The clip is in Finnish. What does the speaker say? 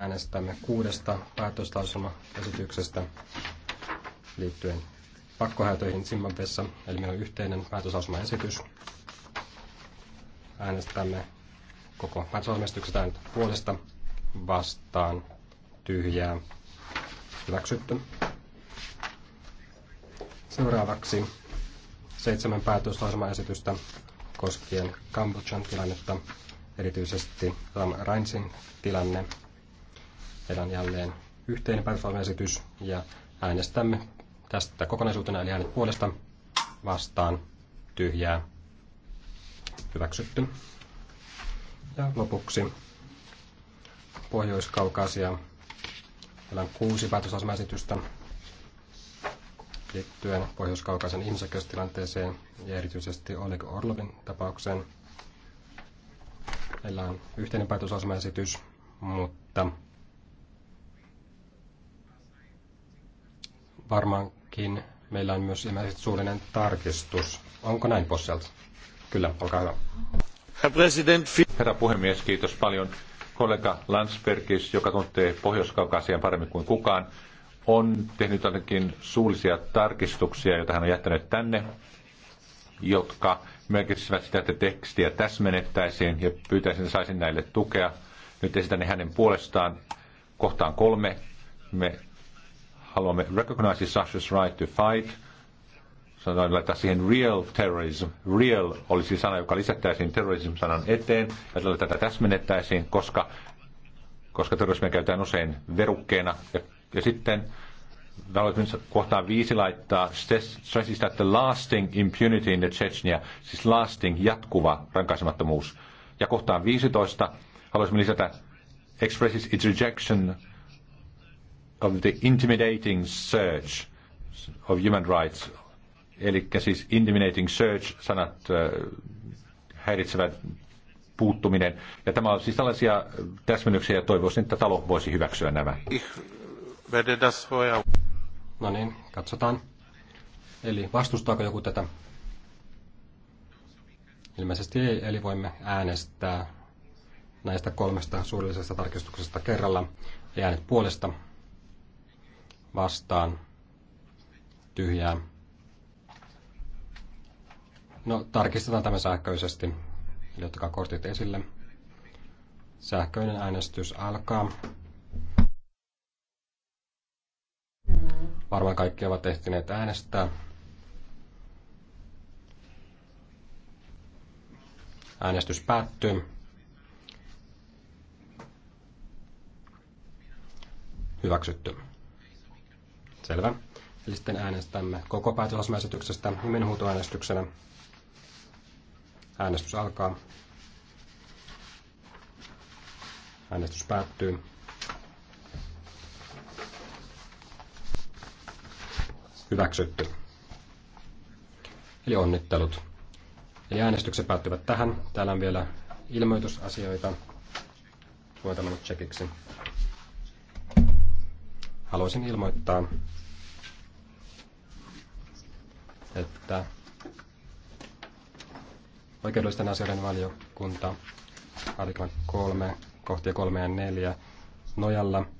äänestämme kuudesta päätöslauselmaesityksestä liittyen pakkohäätöihin Zimbabwessa, eli meillä on yhteinen päätöslauselmaesitys. Äänestämme koko päätöslauselmaesityksestä puolesta vastaan tyhjää hyväksytty. Seuraavaksi seitsemän päätöslauselmaesitystä koskien Kambodjan tilannetta, erityisesti Ram Rainsin tilanne Meillä on jälleen yhteinen performance-esitys ja äänestämme tästä kokonaisuutena, eli äänet puolesta vastaan tyhjää hyväksytty. Ja lopuksi Pohjois-Kaukasia. Meillä on kuusi päätösasemaesitystä liittyen Pohjois-Kaukaisen ihmisoikeustilanteeseen ja erityisesti Oleg Orlovin tapaukseen. Meillä on yhteinen päätösasemaesitys, mutta varmaankin meillä on myös ilmeisesti suullinen tarkistus. Onko näin Posselt? Kyllä, olkaa hyvä. Herra puhemies, kiitos paljon. Kollega Landsbergis, joka tuntee pohjois paremmin kuin kukaan, on tehnyt ainakin suullisia tarkistuksia, joita hän on jättänyt tänne, jotka merkitsisivät sitä, että tekstiä täsmennettäisiin ja pyytäisin, että saisin näille tukea. Nyt esitän hänen puolestaan kohtaan kolme. Me haluamme recognize Russia's right to fight, sanoin laittaa siihen real terrorism. Real olisi sana, joka lisättäisiin terrorism-sanan eteen, ja tällä tätä täsmennettäisiin, koska, koska terrorismia käytetään usein verukkeena. Ja, ja sitten haluaisin kohtaan viisi laittaa stressistä, että lasting impunity in the Chechnya, siis lasting, jatkuva rankaisemattomuus. Ja kohtaan 15 haluaisimme lisätä expresses its rejection of the intimidating search of human rights. Eli siis intimidating search, sanat äh, häiritsevät puuttuminen. Ja tämä on siis tällaisia täsmennyksiä ja toivoisin, että talo voisi hyväksyä nämä. No niin, katsotaan. Eli vastustaako joku tätä? Ilmeisesti ei, eli voimme äänestää näistä kolmesta suurellisesta tarkistuksesta kerralla. Ei äänet puolesta, vastaan tyhjää. No, tarkistetaan tämä sähköisesti. Eli ottakaa kortit esille. Sähköinen äänestys alkaa. Varmaan kaikki ovat ehtineet äänestää. Äänestys päättyy. Hyväksytty. Selvä. Eli sitten äänestämme koko päätösasmaesityksestä nimenhuutoäänestyksenä. Äänestys alkaa. Äänestys päättyy. Hyväksytty. Eli onnittelut. Eli äänestykset päättyvät tähän. Täällä on vielä ilmoitusasioita. nyt checkiksi. Haluaisin ilmoittaa, että oikeudellisten asioiden valiokunta artiklan 3, kohtia 3 ja 4 nojalla